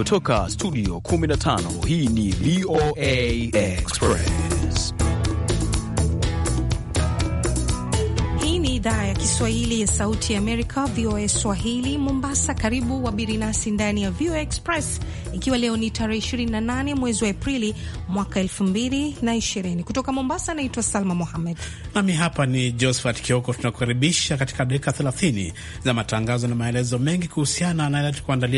Kutoka studio 15 hii ni VOA Express. Hii ni idhaa ya Kiswahili ya Sauti ya Amerika, VOA Swahili Mombasa. Karibu wabiri nasi ndani ya VOA Express ikiwa leo ni tarehe 28 mwezi wa Aprili mwaka 2020. Kutoka Mombasa naitwa Salma Mohamed, nami hapa ni Josephat Kioko. Tunakukaribisha katika dakika 30 za matangazo na maelezo mengi kuhusiana na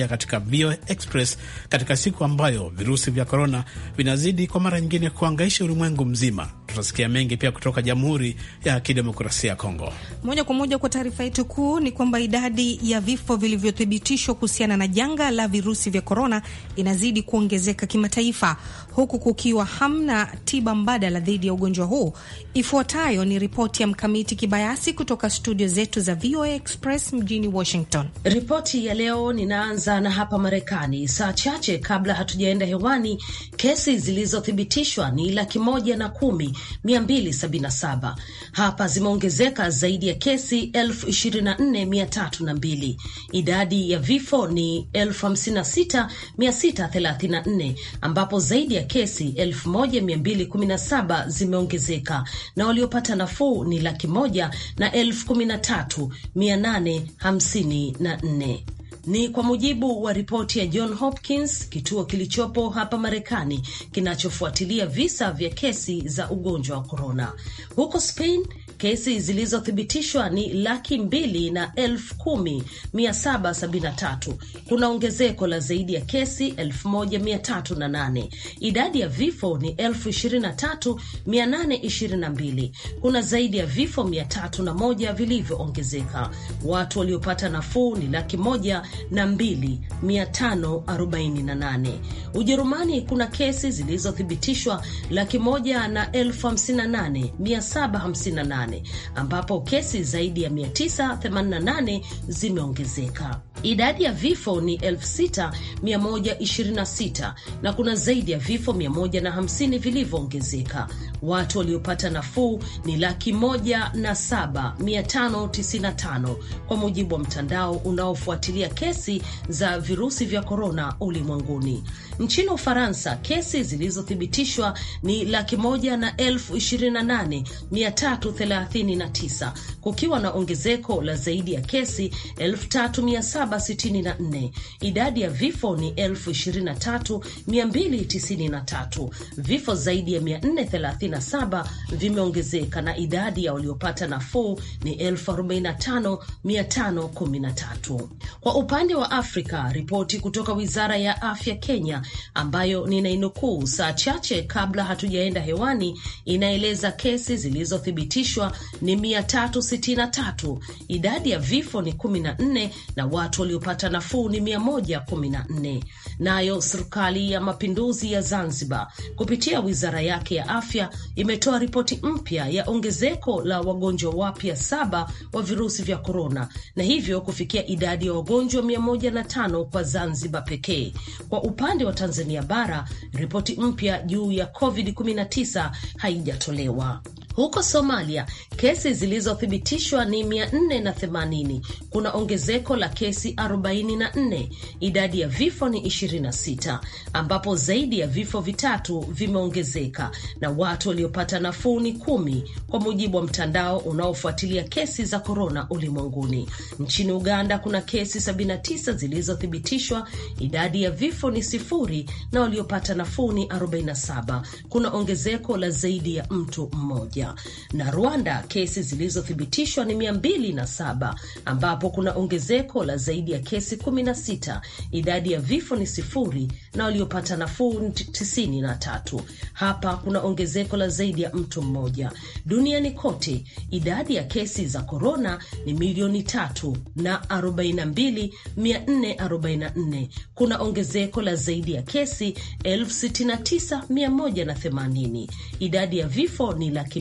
katika VOA Express katika siku ambayo virusi vya korona vinazidi kwa mara nyingine kuangaisha ulimwengu mzima. Tutasikia mengi pia kutoka Jamhuri ya Kidemokrasia ya Kongo. Moja kwa moja kwa taarifa yetu kuu ni kwamba idadi ya vifo vilivyothibitishwa kuhusiana na janga la virusi vya korona inazidi kuongezeka kimataifa huku kukiwa hamna tiba mbadala dhidi ya ugonjwa huu. Ifuatayo ni ripoti ya Mkamiti Kibayasi kutoka studio zetu za VOA Express mjini Washington. Ripoti ya leo ninaanza na hapa Marekani. Saa chache kabla hatujaenda hewani, kesi zilizothibitishwa ni laki moja na kumi mia mbili sabini na saba. Hapa zimeongezeka zaidi ya kesi elfu ishirini na nne mia tatu na mbili. Idadi ya vifo ni elfu hamsini na sita mia sita thelathini na nne ambapo zaidi ya ya kesi 1217 zimeongezeka na waliopata nafuu ni laki moja na 13854 ni kwa mujibu wa ripoti ya John Hopkins, kituo kilichopo hapa Marekani kinachofuatilia visa vya kesi za ugonjwa wa korona. Huko Spain, Kesi zilizothibitishwa ni laki mbili na elfu kumi mia saba sabini na tatu. Kuna ongezeko la zaidi ya kesi elfu moja mia tatu na nane. Idadi ya vifo ni elfu ishirini na tatu mia nane ishirini na mbili. Kuna zaidi ya vifo mia tatu na moja vilivyoongezeka. Watu waliopata nafuu ni laki moja na mbili mia tano arobaini na nane. Ujerumani kuna kesi zilizothibitishwa laki moja na elfu hamsini na nane mia saba hamsini na nane. 2018 ambapo kesi zaidi ya 988 zimeongezeka. Idadi ya vifo ni 6126 na kuna zaidi ya vifo 150 vilivyoongezeka. Watu waliopata nafuu ni laki moja na saba mia tano tano kwa mujibu wa mtandao unaofuatilia kesi za virusi vya korona ulimwenguni. Nchini Ufaransa, kesi zilizothibitishwa ni laki moja na elfu ishirini na nane mia tatu thelathini na tisa kukiwa na ongezeko la zaidi ya kesi elfu tatu mia saba sitini na nne. Idadi ya vifo ni elfu ishirini na tatu mia mbili tisini na tatu. Vifo zaidi ya mia nne thelathini na saba vimeongezeka na idadi ya waliopata nafuu ni elfu arobaini na tano mia tano kumi na tatu. Kwa upande wa Afrika, ripoti kutoka wizara ya afya Kenya ambayo ninainukuu saa chache kabla hatujaenda hewani, inaeleza kesi zilizothibitishwa ni 363, idadi ya vifo ni 14 na watu waliopata nafuu ni 114. Nayo serikali ya mapinduzi ya Zanzibar kupitia wizara yake ya afya imetoa ripoti mpya ya ongezeko la wagonjwa wapya saba wa virusi vya korona na hivyo kufikia idadi ya wagonjwa 105 kwa Zanzibar pekee. Kwa upande wa wa Tanzania bara, ripoti mpya juu ya COVID-19 haijatolewa. Huko Somalia, kesi zilizothibitishwa ni 480. Kuna ongezeko la kesi 44. Idadi ya vifo ni 26, ambapo zaidi ya vifo vitatu vimeongezeka na watu waliopata nafuu ni kumi, kwa mujibu wa mtandao unaofuatilia kesi za korona ulimwenguni. Nchini Uganda kuna kesi 79 zilizothibitishwa, idadi ya vifo ni sifuri na waliopata nafuu ni 47. Kuna ongezeko la zaidi ya mtu mmoja moja na Rwanda kesi zilizothibitishwa ni mia mbili na saba ambapo kuna ongezeko la zaidi ya kesi kumi na sita. Idadi ya vifo ni sifuri na waliopata nafuu tisini na tatu. Hapa kuna ongezeko la zaidi ya mtu mmoja. Duniani kote idadi ya kesi za korona ni milioni tatu na arobaini na mbili mia nne arobaini na nne. Kuna ongezeko la zaidi ya kesi elfu sitini na tisa mia moja na themanini. Idadi ya vifo ni laki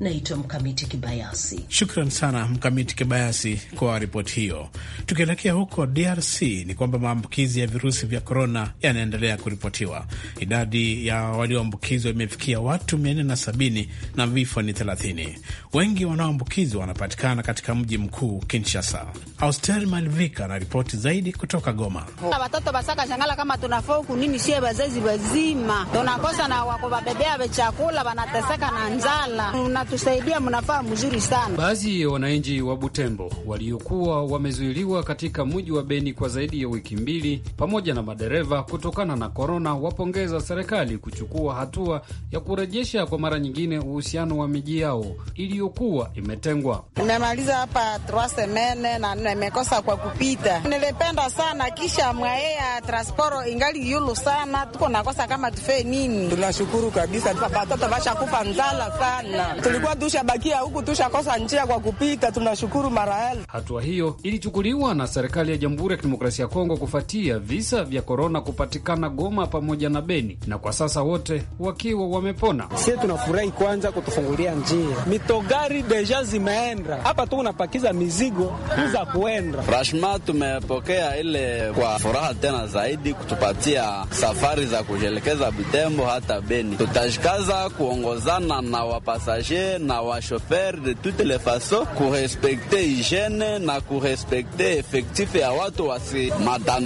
Naitwa Mkamiti Kibayasi. Shukran sana Mkamiti Kibayasi kwa ripoti hiyo. Tukielekea huko DRC ni kwamba maambukizi ya virusi vya korona yanaendelea kuripotiwa. Idadi ya walioambukizwa imefikia watu 470 na vifo ni 30. Wengi wanaoambukizwa wanapatikana katika mji mkuu Kinshasa. Austel Malvika na ripoti zaidi kutoka Goma. Watoto basaka shangala kama tunafoku nini, sie bazazi bazima tunakosa na wako babebea wanateseka na njala mnatusaidia, mnafaa mzuri sana. Baadhi ya wananchi wa Butembo waliokuwa wamezuiliwa katika mji wa Beni kwa zaidi ya wiki mbili, pamoja na madereva kutokana na korona, wapongeza serikali kuchukua hatua ya kurejesha kwa mara nyingine uhusiano wa miji yao iliyokuwa imetengwa. Nimemaliza hapa trasemene na nimekosa kwa kupita, nilipenda sana kisha mwaea transporo ingali yulu sana, tuko nakosa kama tufee nini. Tunashukuru kabisa, watoto vashakufa nzala sana Tuli tulikuwa tushabakia huku tushakosa njia kwa kupita. Tunashukuru marael. Hatua hiyo ilichukuliwa na serikali ya Jamhuri ya Kidemokrasia ya Kongo kufuatia visa vya korona kupatikana Goma pamoja na Beni, na kwa sasa wote wakiwa wamepona. Sie tunafurahi kwanza kutufungulia njia, mitogari deja zimeenda hapa tu, unapakiza mizigo za kuenda rashma. Tumepokea ile kwa furaha tena zaidi kutupatia safari za kujielekeza Butembo hata Beni. tutashikaza kuongozana na wapasajeri na washofer de toutes les façons kurespekte hygiene na kurespekte efektife ya watu wasi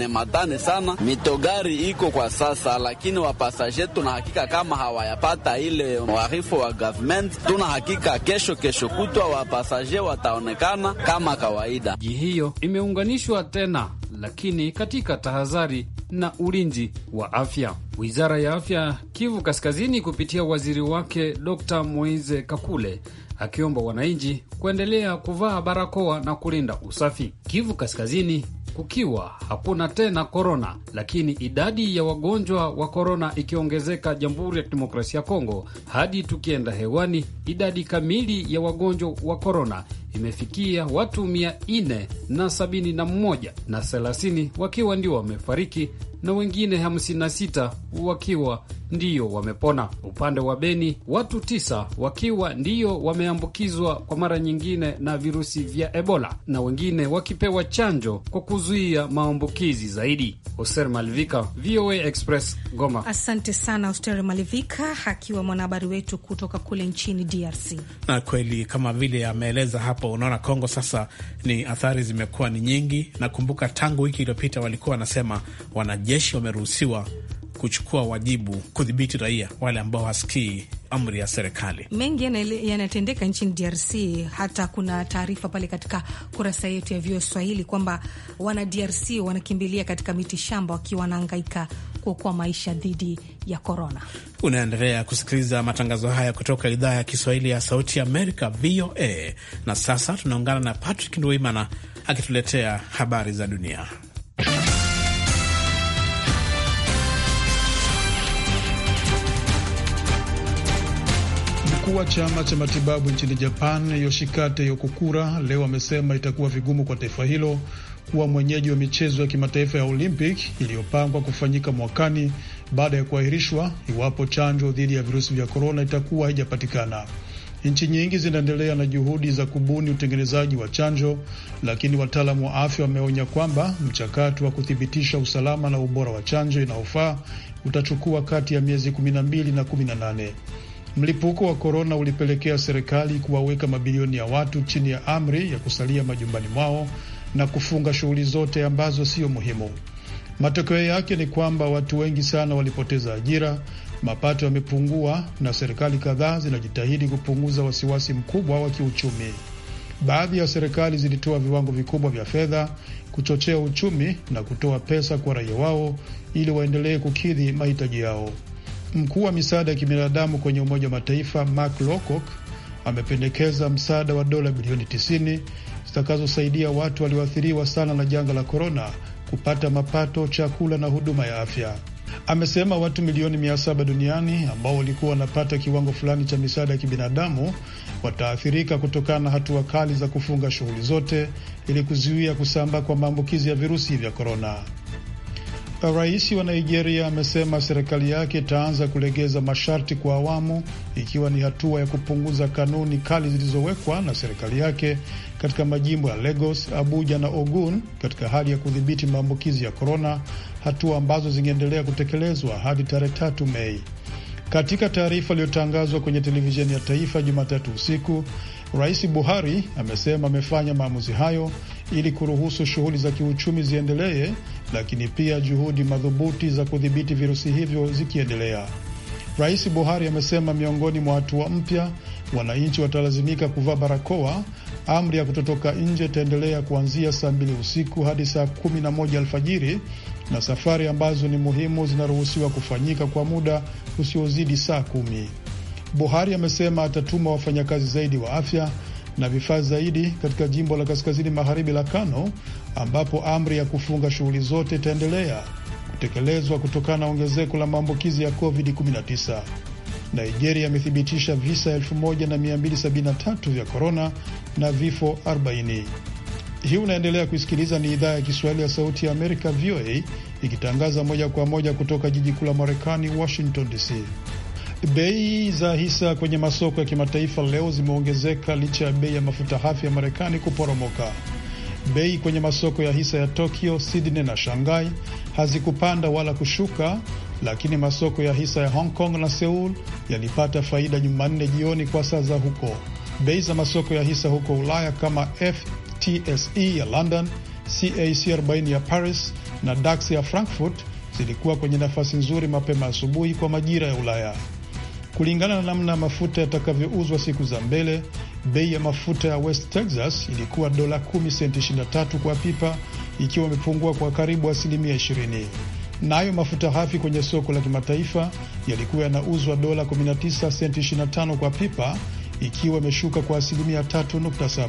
madane sana. Mitogari iko kwa sasa, lakini wapasaje tuna hakika kama hawayapata ile mwarifu wa government, tuna hakika kesho kesho kutwa wapasaje wataonekana kama kawaida. hiyo imeunganishwa tena, lakini katika tahadhari na ulinzi wa afya. Wizara ya Afya Kivu Kaskazini kupitia waziri wake Dr. Moise Kakule akiomba wananchi kuendelea kuvaa barakoa na kulinda usafi. Kivu Kaskazini kukiwa hakuna tena korona, lakini idadi ya wagonjwa wa korona ikiongezeka Jamhuri ya Kidemokrasia ya Kongo, hadi tukienda hewani, idadi kamili ya wagonjwa wa korona imefikia watu 471 na 30 wakiwa ndio wamefariki na wengine 56 wakiwa ndio wamepona. Upande wa Beni, watu tisa wakiwa ndio wameambukizwa kwa mara nyingine na virusi vya Ebola na wengine wakipewa chanjo kwa kuzuia maambukizi zaidi. Hoster Malivika, VOA Express, Goma. Asante sana Hoster Malivika akiwa mwanahabari wetu kutoka kule nchini DRC. Na kweli kama vile ameeleza hapa ambapo unaona Kongo sasa ni athari zimekuwa ni nyingi. Nakumbuka tangu wiki iliyopita walikuwa wanasema wanajeshi wameruhusiwa kuchukua wajibu kudhibiti raia wale ambao hasikii amri ya serikali. Mengi yanatendeka nchini DRC. Hata kuna taarifa pale katika kurasa yetu ya VOA Swahili kwamba wana DRC wanakimbilia katika miti shamba wakiwa wanahangaika kuokoa maisha dhidi ya korona. Unaendelea kusikiliza matangazo haya kutoka idhaa ya Kiswahili ya Sauti Amerika, VOA, na sasa tunaungana na Patrick Ndwimana akituletea habari za dunia. Mkuu wa chama cha matibabu nchini Japan, Yoshikate Yokukura, leo amesema itakuwa vigumu kwa taifa hilo kuwa mwenyeji wa michezo ya kimataifa ya Olympic iliyopangwa kufanyika mwakani baada ya kuahirishwa iwapo chanjo dhidi ya virusi vya korona itakuwa haijapatikana. Nchi nyingi zinaendelea na juhudi za kubuni utengenezaji wa chanjo, lakini wataalamu wa afya wameonya kwamba mchakato wa kuthibitisha usalama na ubora wa chanjo inayofaa utachukua kati ya miezi 12 na 18. Mlipuko wa korona ulipelekea serikali kuwaweka mabilioni ya watu chini ya amri ya kusalia majumbani mwao na kufunga shughuli zote ambazo sio muhimu. Matokeo yake ni kwamba watu wengi sana walipoteza ajira, mapato yamepungua, na serikali kadhaa zinajitahidi kupunguza wasiwasi mkubwa wa kiuchumi. Baadhi ya serikali zilitoa viwango vikubwa vya fedha kuchochea uchumi na kutoa pesa kwa raia wao ili waendelee kukidhi mahitaji yao. Mkuu wa misaada ya kibinadamu kwenye Umoja wa Mataifa Mark Lowcock amependekeza msaada wa dola bilioni 90 zitakazosaidia watu walioathiriwa sana na janga la korona kupata mapato, chakula na huduma ya afya. Amesema watu milioni mia saba duniani ambao walikuwa wanapata kiwango fulani cha misaada ya kibinadamu wataathirika kutokana na hatua kali za kufunga shughuli zote ili kuzuia kusambaa kwa maambukizi ya virusi vya korona. Rais wa Nigeria amesema serikali yake itaanza kulegeza masharti kwa awamu, ikiwa ni hatua ya kupunguza kanuni kali zilizowekwa na serikali yake katika majimbo ya Lagos, Abuja na Ogun katika hali ya kudhibiti maambukizi ya korona, hatua ambazo zingeendelea kutekelezwa hadi tarehe tatu Mei. Katika taarifa iliyotangazwa kwenye televisheni ya taifa Jumatatu usiku, Rais Buhari amesema amefanya maamuzi hayo ili kuruhusu shughuli za kiuchumi ziendelee lakini pia juhudi madhubuti za kudhibiti virusi hivyo zikiendelea. Rais Buhari amesema miongoni mwa hatua mpya, wananchi watalazimika kuvaa barakoa. Amri ya kutotoka nje itaendelea kuanzia saa mbili usiku hadi saa kumi na moja alfajiri na safari ambazo ni muhimu zinaruhusiwa kufanyika kwa muda usiozidi saa kumi. Buhari amesema atatuma wafanyakazi zaidi wa afya na vifaa zaidi katika jimbo la kaskazini magharibi la Kano ambapo amri ya kufunga shughuli zote itaendelea kutekelezwa kutokana na ongezeko la maambukizi ya COVID-19. Nigeria imethibitisha visa 1273 vya korona na vifo 40. Hii unaendelea kuisikiliza, ni idhaa ya Kiswahili ya Sauti ya Amerika, VOA, ikitangaza moja kwa moja kutoka jiji kuu la Marekani, Washington DC. Bei za hisa kwenye masoko ya kimataifa leo zimeongezeka licha ya bei ya mafuta hafi ya Marekani kuporomoka. Bei kwenye masoko ya hisa ya Tokyo, Sydney na Shanghai hazikupanda wala kushuka, lakini masoko ya hisa ya Hong Kong na Seul yalipata faida Jumanne jioni kwa saa za huko. Bei za masoko ya hisa huko Ulaya kama FTSE ya London, CAC 40 ya Paris na DAX ya Frankfurt zilikuwa kwenye nafasi nzuri mapema asubuhi kwa majira ya Ulaya. Kulingana na namna mafuta yatakavyouzwa siku za mbele, bei ya mafuta ya West Texas ilikuwa dola 10 senti 23 kwa pipa, ikiwa imepungua kwa karibu asilimia 20. Nayo mafuta hafi kwenye soko la kimataifa yalikuwa yanauzwa dola 19 senti 25 kwa pipa, ikiwa imeshuka kwa asilimia 3.7.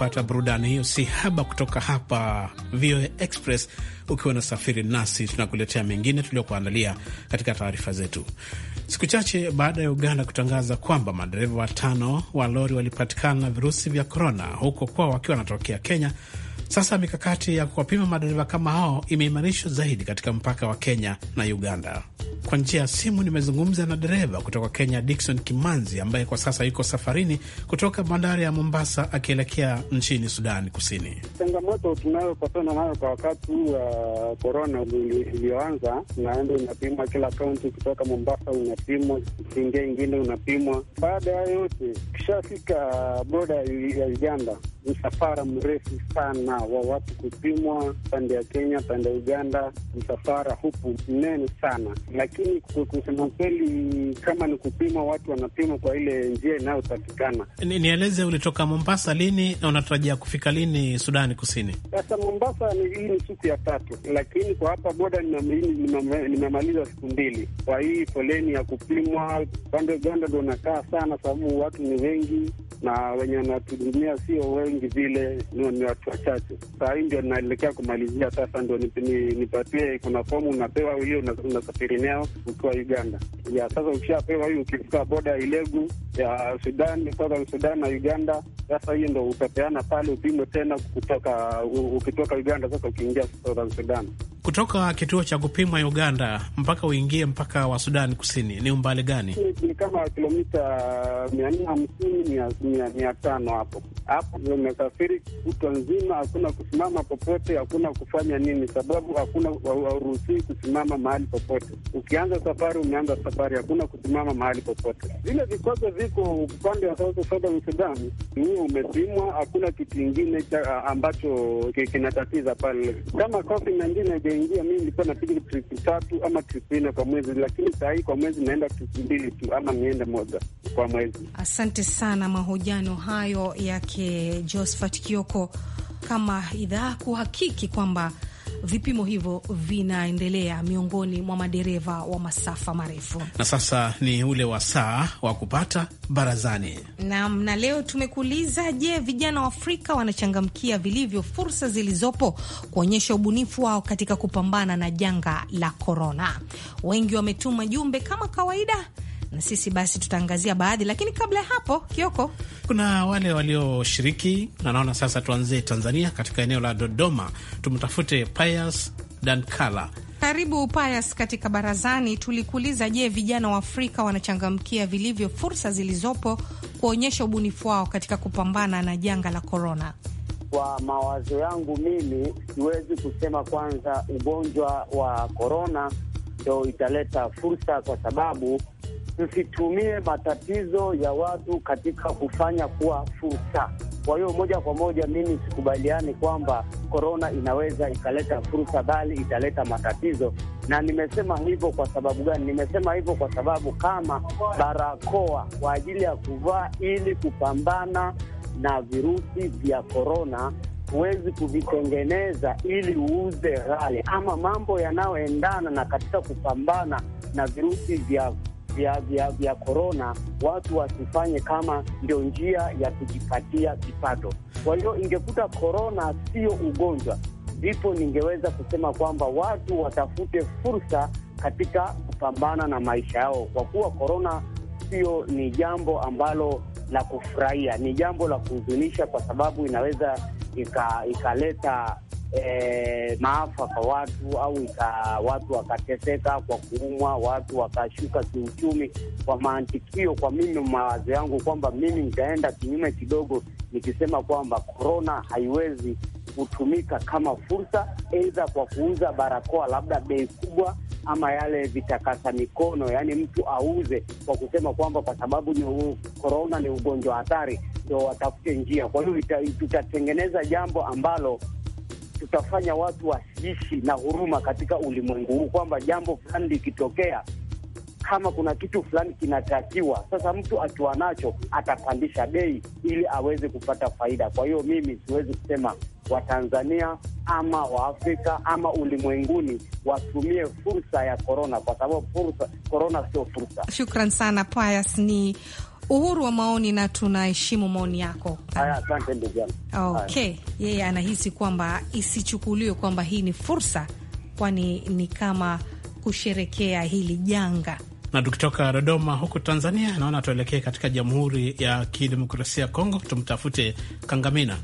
kupata burudani hiyo si haba kutoka hapa VOA Express. Ukiwa na safiri nasi, tunakuletea mengine tuliyokuandalia katika taarifa zetu. Siku chache baada ya Uganda kutangaza kwamba madereva watano wa lori walipatikana na virusi vya korona huko kwao wakiwa wanatokea Kenya sasa mikakati ya kuwapima madereva kama hao imeimarishwa zaidi katika mpaka wa Kenya na Uganda. Kwa njia ya simu nimezungumza na dereva kutoka Kenya, dikson Kimanzi, ambaye kwa sasa yuko safarini kutoka bandari ya Mombasa akielekea nchini Sudani Kusini. Changamoto tunayopatana nayo kwa wakati wa korona iliyoanza, unaenda unapimwa kila kaunti, kutoka Mombasa unapimwa, ukiingia ingine unapimwa. Baada ya yote ukishafika boda ya Uganda msafara mrefu sana wa watu kupimwa pande ya Kenya, pande ya Uganda, msafara hupu mnene sana lakini, kusema kweli, kama ni kupimwa, watu wanapimwa kwa ile njia inayotakikana. Nieleze, ulitoka Mombasa lini na unatarajia kufika lini Sudani Kusini? Sasa Mombasa hii ni siku ya tatu, lakini kwa hapa boda nimemaliza siku mbili kwa hii foleni ya kupimwa. Pande ya Uganda ndo nakaa sana, sababu watu ni wengi na wenye wanatuhudumia sio wengi vingi vile ni watu wachache. Saa hii ndio naelekea kumalizia sasa, ndio nipatie, kuna fomu unapewa hiyo, unasafiri nao ukiwa Uganda ya sasa. Ukishapewa hiyo, ukifika boda Ilegu ya Sudan, Southern Sudan na Uganda, sasa hiyo ndo utapeana pale, upimwe tena kutoka ukitoka Uganda, sasa ukiingia Southern Sudan kutoka kituo cha kupima Uganda mpaka uingie mpaka wa Sudani Kusini ni umbali gani? Ni ni kama kilomita mia nne hamsini mia tano hapo hapo. Umesafiri kutwa nzima, hakuna kusimama popote, hakuna kufanya nini, sababu hakuna hauruhusii kusimama mahali popote. Ukianza safari, umeanza safari, hakuna kusimama mahali popote. Vile vikwazo viko upande wa South Sudan, huo umepimwa, hakuna kitu ingine ambacho kinatatiza pale kama COVID-19 nilipoingia mimi nilikuwa napiga tripu tatu ama tripu nne kwa mwezi, lakini saa hii kwa mwezi naenda tripu mbili tu ama niende moja kwa mwezi. Asante sana, mahojano hayo yake Josphat Kioko, kama idhaa kuhakiki kwamba vipimo hivyo vinaendelea miongoni mwa madereva wa masafa marefu. Na sasa ni ule wa saa wa kupata barazani nam, na leo tumekuuliza, je, vijana wa Afrika wanachangamkia vilivyo fursa zilizopo kuonyesha ubunifu wao katika kupambana na janga la korona? Wengi wametuma jumbe kama kawaida na sisi basi tutaangazia baadhi, lakini kabla ya hapo, Kioko, kuna wale walioshiriki na naona sasa tuanzie Tanzania, katika eneo la Dodoma. Tumtafute Pius Dankala. Karibu Pius katika barazani. Tulikuuliza, je, vijana wa Afrika wanachangamkia vilivyo fursa zilizopo kuonyesha ubunifu wao katika kupambana na janga la korona? Kwa mawazo yangu mimi, siwezi kusema kwanza ugonjwa wa korona ndo italeta fursa, kwa sababu tusitumie matatizo ya watu katika kufanya kuwa fursa. Kwa hiyo moja kwa moja, mimi sikubaliani kwamba korona inaweza ikaleta fursa, bali italeta matatizo. Na nimesema hivyo kwa sababu gani? Nimesema hivyo kwa sababu kama barakoa kwa ajili ya kuvaa ili kupambana na virusi vya korona huwezi kuvitengeneza ili uuze ghali, ama mambo yanayoendana na katika kupambana na virusi vya vya vya vya korona, watu wasifanye kama ndio njia ya kujipatia kipato. Kwa hiyo ingekuta korona sio ugonjwa, ndipo ningeweza kusema kwamba watu watafute fursa katika kupambana na maisha yao, kwa kuwa korona sio ni jambo ambalo la kufurahia, ni jambo la kuhuzunisha, kwa sababu inaweza ikaleta ika eh, maafa kwa watu au ika, watu wakateseka kwa kuumwa, watu wakashuka kiuchumi. Kwa maantikio, kwa mimi mawazo yangu kwamba mimi nitaenda kinyume kidogo nikisema kwamba korona haiwezi kutumika kama fursa, aidha kwa kuuza barakoa labda bei kubwa ama yale vitakasa mikono, yaani mtu auze kwa kusema kwamba kwa sababu ni korona ni ugonjwa hatari, ndio watafute njia. Kwa hiyo tutatengeneza jambo ambalo tutafanya watu wasiishi na huruma katika ulimwengu huu, kwamba jambo fulani likitokea, kama kuna kitu fulani kinatakiwa sasa, mtu akiwa nacho atapandisha bei ili aweze kupata faida. Kwa hiyo mimi siwezi kusema Watanzania ama Waafrika ama ulimwenguni watumie fursa ya korona, kwa sababu fursa korona sio fursa. Shukran sana Pius ni uhuru wa maoni na tunaheshimu maoni yako. Asante ndugu yangu. Okay, yeye anahisi kwamba isichukuliwe kwamba hii ni fursa, kwani ni kama kusherekea hili janga. Na tukitoka Dodoma huku Tanzania, naona tuelekee katika Jamhuri ya Kidemokrasia ya Kongo, tumtafute Kangamina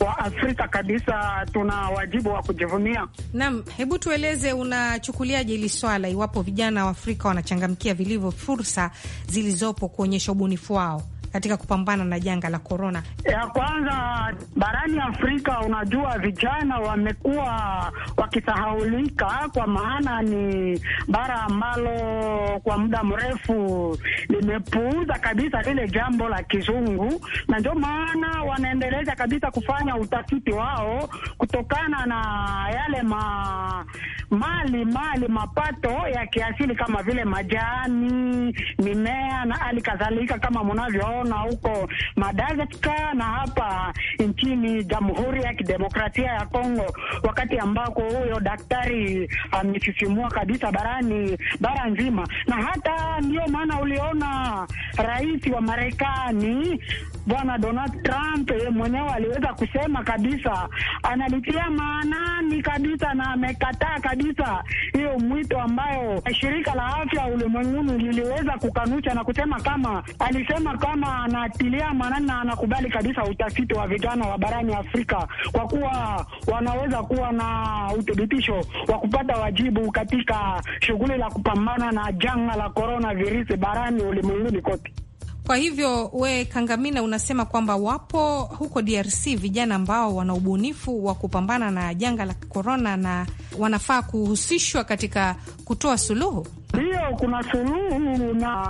wa Afrika kabisa tuna wajibu wa kujivunia. Naam, hebu tueleze unachukuliaje hili swala, iwapo vijana wa Afrika wanachangamkia vilivyo fursa zilizopo kuonyesha ubunifu wao? katika kupambana na janga la korona? Ya kwanza barani Afrika, unajua vijana wamekuwa wakisahaulika, kwa maana ni bara ambalo kwa muda mrefu limepuuza kabisa lile jambo la kizungu, na ndio maana wanaendeleza kabisa kufanya utafiti wao kutokana na yale ma mali mali mapato ya kiasili kama vile majani, mimea na hali kadhalika, kama mnavyo tunaona huko madagaska na hapa nchini Jamhuri ya Kidemokrasia ya Kongo, wakati ambako huyo daktari amesisimua kabisa barani bara nzima, na hata ndio maana uliona rais wa Marekani Bwana Donald Trump yeye mwenyewe aliweza kusema kabisa analitia maanani kabisa na amekataa kabisa hiyo mwito ambayo shirika la afya ulimwenguni liliweza kukanusha na kusema kama, alisema kama anatilia maanani na anakubali kabisa utafiti wa vijana wa barani Afrika kwa kuwa wanaweza kuwa na uthibitisho wa kupata wajibu katika shughuli la kupambana na janga la coronavirus barani ulimwenguni kote. Kwa hivyo we Kangamina, unasema kwamba wapo huko DRC vijana ambao wana ubunifu wa kupambana na janga la korona na wanafaa kuhusishwa katika kutoa suluhu? hiyo kuna suluhu na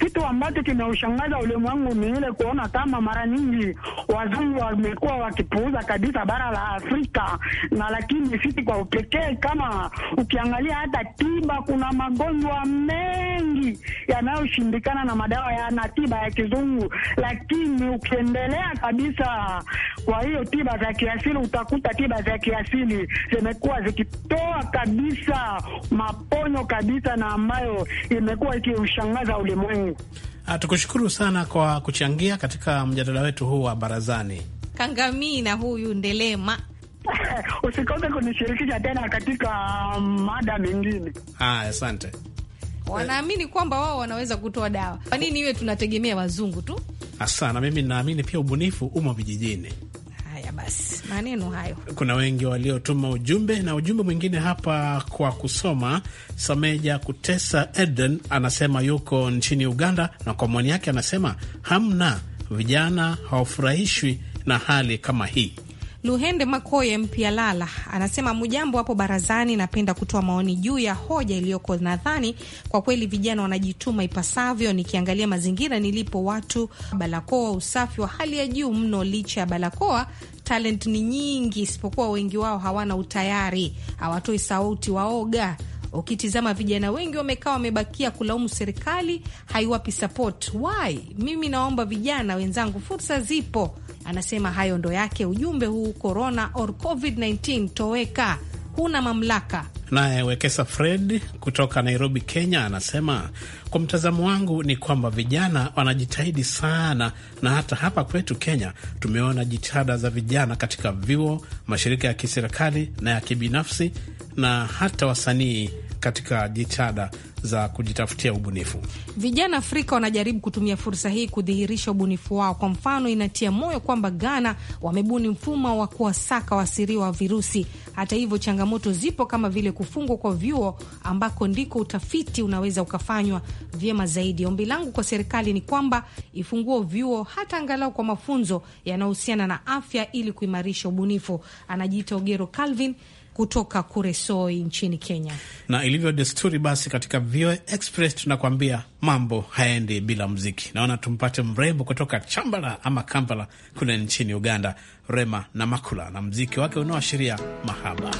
kitu ambacho kimeushangaza ulimwengu ni ile kuona kama mara nyingi wazungu wamekuwa wakipuuza kabisa bara la Afrika, na lakini sisi kwa upekee, kama ukiangalia hata tiba, kuna magonjwa mengi yanayoshindikana na madawa yana tiba ya kizungu, lakini ukiendelea kabisa kwa hiyo tiba za kiasili, utakuta tiba za kiasili zimekuwa zikitoa kabisa maponyo kabisa na ambayo imekuwa ikiushangaza ulimwengu. Tukushukuru sana kwa kuchangia katika mjadala wetu huu wa barazani. Kangamina huyu Ndelema. Usikose kunishirikisha tena katika um, mada mengine. Haya, asante. Wanaamini kwamba wao wanaweza kutoa dawa. Kwa nini iwe tunategemea wazungu tu? Asana, mimi ninaamini pia ubunifu umo vijijini basi, maneno hayo. Kuna wengi waliotuma ujumbe na ujumbe mwingine hapa kwa kusoma. Sameja Kutesa Eden anasema yuko nchini Uganda, na kwa maoni yake anasema hamna, vijana hawafurahishwi na hali kama hii. Luhende Makoye mpya lala anasema mujambo hapo barazani, napenda kutoa maoni juu ya hoja iliyoko. Nadhani kwa kweli vijana wanajituma ipasavyo, nikiangalia mazingira nilipo, watu balakoa, usafi wa hali ya juu mno, licha ya balakoa talent ni nyingi, isipokuwa wengi wao hawana utayari, hawatoi sauti, waoga. Ukitizama vijana wengi wamekaa wamebakia kulaumu serikali, haiwapi support. Why? Mimi naomba vijana wenzangu, fursa zipo. Anasema hayo ndo yake ujumbe huu, corona or covid-19 toweka huna mamlaka. Naye Wekesa Fred kutoka Nairobi, Kenya, anasema kwa mtazamo wangu ni kwamba vijana wanajitahidi sana, na hata hapa kwetu Kenya tumeona jitihada za vijana katika vyuo, mashirika ya kiserikali na ya kibinafsi, na hata wasanii katika jitihada za kujitafutia ubunifu. Vijana Afrika wanajaribu kutumia fursa hii kudhihirisha ubunifu wao. Kwa mfano, inatia moyo kwamba Ghana wamebuni mfumo wa kuwasaka waasiriwa wa virusi. Hata hivyo, changamoto zipo kama vile kufungwa kwa vyuo ambako ndiko utafiti unaweza ukafanywa vyema zaidi. Ombi langu kwa serikali ni kwamba ifungue vyuo hata angalau kwa mafunzo yanayohusiana na afya ili kuimarisha ubunifu. Anajiita Ogero Calvin kutoka Kuresoi nchini Kenya. Na ilivyo desturi, basi katika VOA Express tunakuambia mambo hayaendi bila mziki. Naona tumpate mrembo kutoka Chambala ama Kampala kule nchini Uganda, Rema na Makula na mziki wake unaoashiria mahaba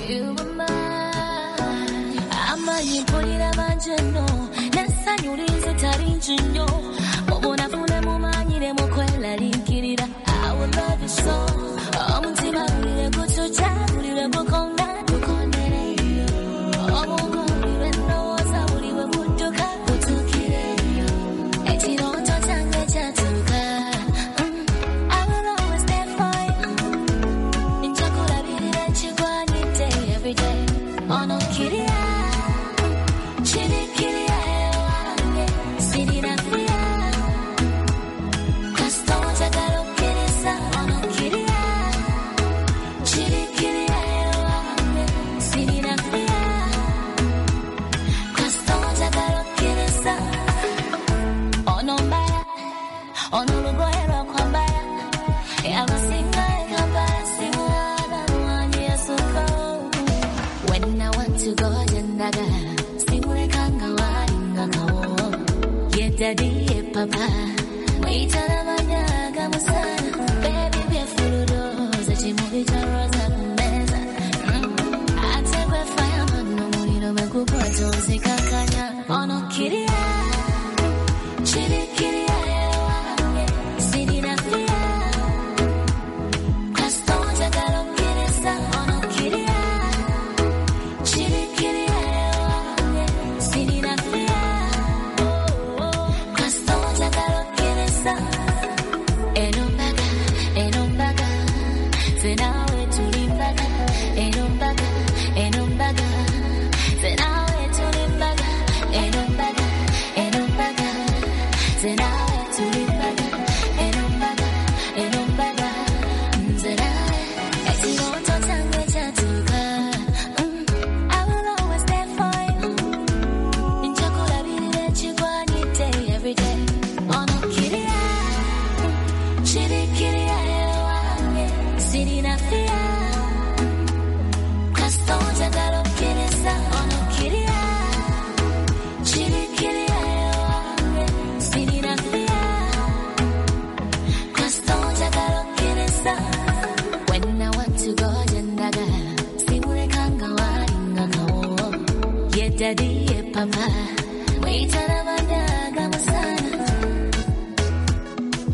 dulce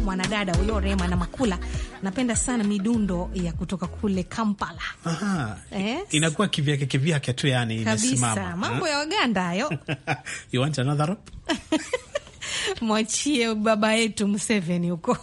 Mwanadada huyo Rema na Makula, napenda sana midundo ya kutoka kule Kampala. yes. Eh? Inakuwa kivyake kivyake tu, yani inasimama mambo ya Waganda hayo you want another Mwachie baba yetu Museveni huko.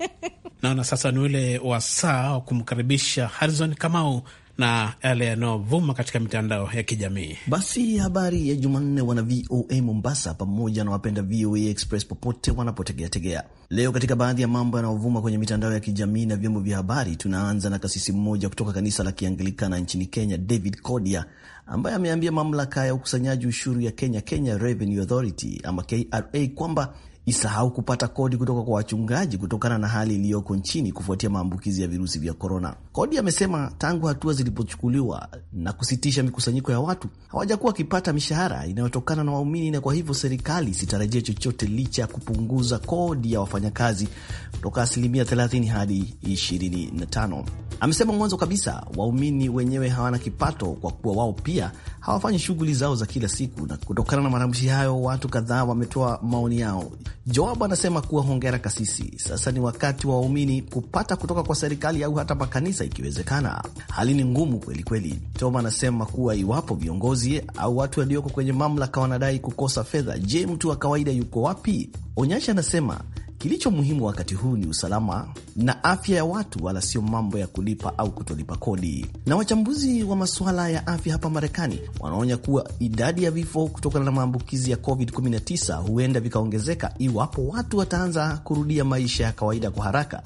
Naona sasa ni ule wasaa wa kumkaribisha Harrison Kamau na yale yanayovuma katika mitandao ya kijamii. Basi habari ya Jumanne wana VOA Mombasa pamoja na wapenda VOA Express popote wanapotegeategea leo. Katika baadhi ya mambo yanayovuma kwenye mitandao ya kijamii na vyombo vya habari, tunaanza na kasisi mmoja kutoka kanisa la Kianglikana nchini Kenya, David Kodia, ambaye ameambia mamlaka ya ukusanyaji ushuru ya Kenya, Kenya Revenue Authority ama KRA, kwamba isahau kupata kodi kutoka kwa wachungaji kutokana na hali iliyoko nchini kufuatia maambukizi ya virusi vya korona. Kodi amesema tangu hatua zilipochukuliwa na kusitisha mikusanyiko ya watu hawajakuwa wakipata mishahara inayotokana na waumini, na kwa hivyo serikali isitarajia chochote licha ya kupunguza kodi ya wafanyakazi kutoka asilimia 30 hadi 25. Amesema mwanzo kabisa waumini wenyewe hawana kipato kwa kuwa wao pia hawafanyi shughuli zao za kila siku, na kutokana na matamshi hayo watu kadhaa wametoa maoni yao Joabu anasema kuwa hongera kasisi, sasa ni wakati wa waumini kupata kutoka kwa serikali au hata makanisa ikiwezekana. Hali ni ngumu kweli kweli. Toma anasema kuwa iwapo viongozi au watu walioko kwenye mamlaka wanadai kukosa fedha, je, mtu wa kawaida yuko wapi? Onyasha anasema Kilicho muhimu wakati huu ni usalama na afya ya watu, wala sio mambo ya kulipa au kutolipa kodi. Na wachambuzi wa masuala ya afya hapa Marekani wanaonya kuwa idadi ya vifo kutokana na maambukizi ya COVID-19 huenda vikaongezeka iwapo watu wataanza kurudia maisha ya kawaida kwa haraka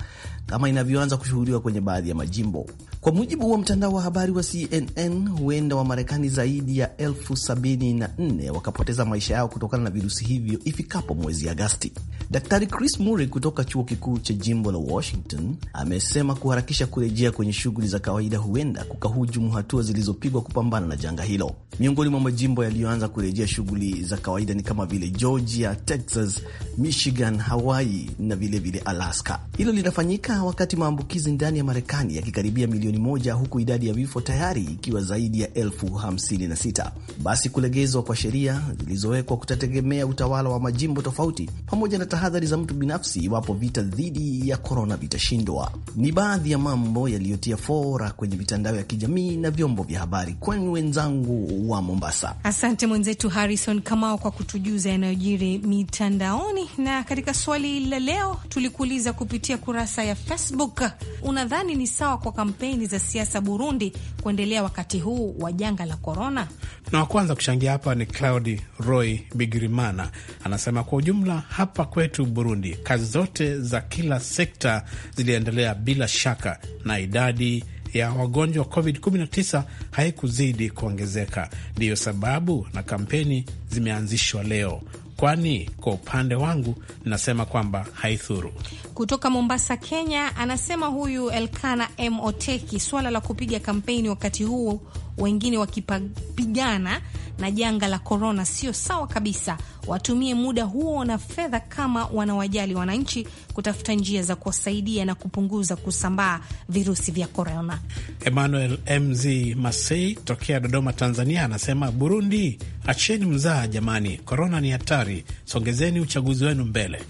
kama inavyoanza kushuhudiwa kwenye baadhi ya majimbo. Kwa mujibu wa mtandao wa habari wa CNN, huenda wa marekani zaidi ya elfu sabini na nne wakapoteza maisha yao kutokana na virusi hivyo ifikapo mwezi Agasti. Daktari Chris Murray kutoka chuo kikuu cha jimbo la Washington amesema kuharakisha kurejea kwenye shughuli za kawaida huenda kukahujumu hatua zilizopigwa kupambana na janga hilo. Miongoni mwa majimbo yaliyoanza kurejea shughuli za kawaida ni kama vile Georgia, Texas, Michigan, Hawaii na vilevile vile Alaska. Hilo linafanyika wakati maambukizi ndani ya Marekani yakikaribia milioni milioni moja huku idadi ya vifo tayari ikiwa zaidi ya elfu 56. Basi kulegezwa kwa sheria zilizowekwa kutategemea utawala wa majimbo tofauti pamoja na tahadhari za mtu binafsi iwapo vita dhidi ya korona vitashindwa. Ni baadhi ya mambo yaliyotia fora kwenye mitandao ya kijamii na vyombo vya habari. Kwenu wenzangu wa Mombasa, asante mwenzetu Harrison Kamao kwa kutujuza yanayojiri mitandaoni. Na katika swali la leo tulikuuliza kupitia kurasa ya Facebook, unadhani ni sawa kwa kampeni gani za siasa Burundi kuendelea wakati huu wa janga la korona? Na wa kwanza kuchangia hapa ni Claudi Roy Bigirimana, anasema kwa ujumla hapa kwetu Burundi kazi zote za kila sekta ziliendelea bila shaka, na idadi ya wagonjwa wa covid-19 haikuzidi kuongezeka. Ndiyo sababu na kampeni zimeanzishwa leo kwani kwa upande wangu nasema kwamba haithuru Kutoka Mombasa, Kenya, anasema huyu Elkana M Oteki, swala la kupiga kampeni wakati huo wengine wakipigana na janga la korona, sio sawa kabisa. Watumie muda huo na fedha kama wanawajali wananchi, kutafuta njia za kuwasaidia na kupunguza kusambaa virusi vya korona. Emmanuel Mz Masei tokea Dodoma, Tanzania, anasema Burundi, acheni mzaa jamani, korona ni hatari, songezeni uchaguzi wenu mbele.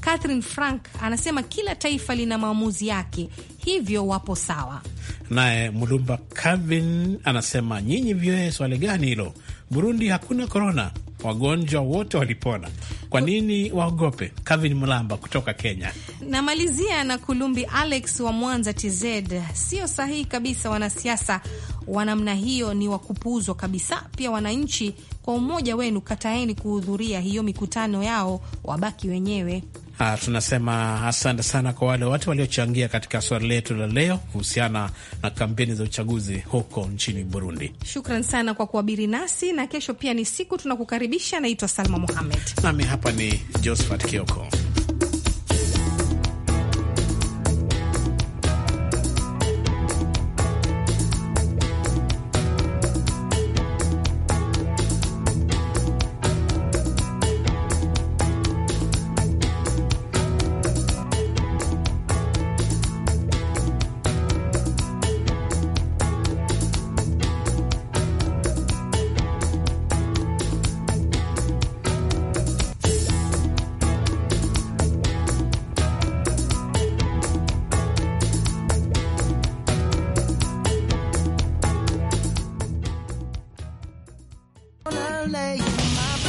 Catherine Frank anasema kila taifa lina maamuzi yake, hivyo wapo sawa. Naye Mulumba cavin anasema nyinyi vyoe, swali gani hilo? Burundi hakuna korona, wagonjwa wote walipona. Kwa nini waogope? Kavin Mulamba kutoka Kenya. Namalizia na Kulumbi Alex wa Mwanza TZ, sio sahihi kabisa. Wanasiasa wa namna hiyo ni wakupuuzwa kabisa. Pia wananchi, kwa umoja wenu, kataeni kuhudhuria hiyo mikutano yao, wabaki wenyewe. Uh, tunasema asante sana kwa wale watu waliochangia katika swali letu la leo kuhusiana na kampeni za uchaguzi huko nchini Burundi. Shukran sana kwa kuabiri nasi, na kesho pia ni siku tunakukaribisha. Naitwa Salma Mohamed nami hapa ni Josephat Kioko.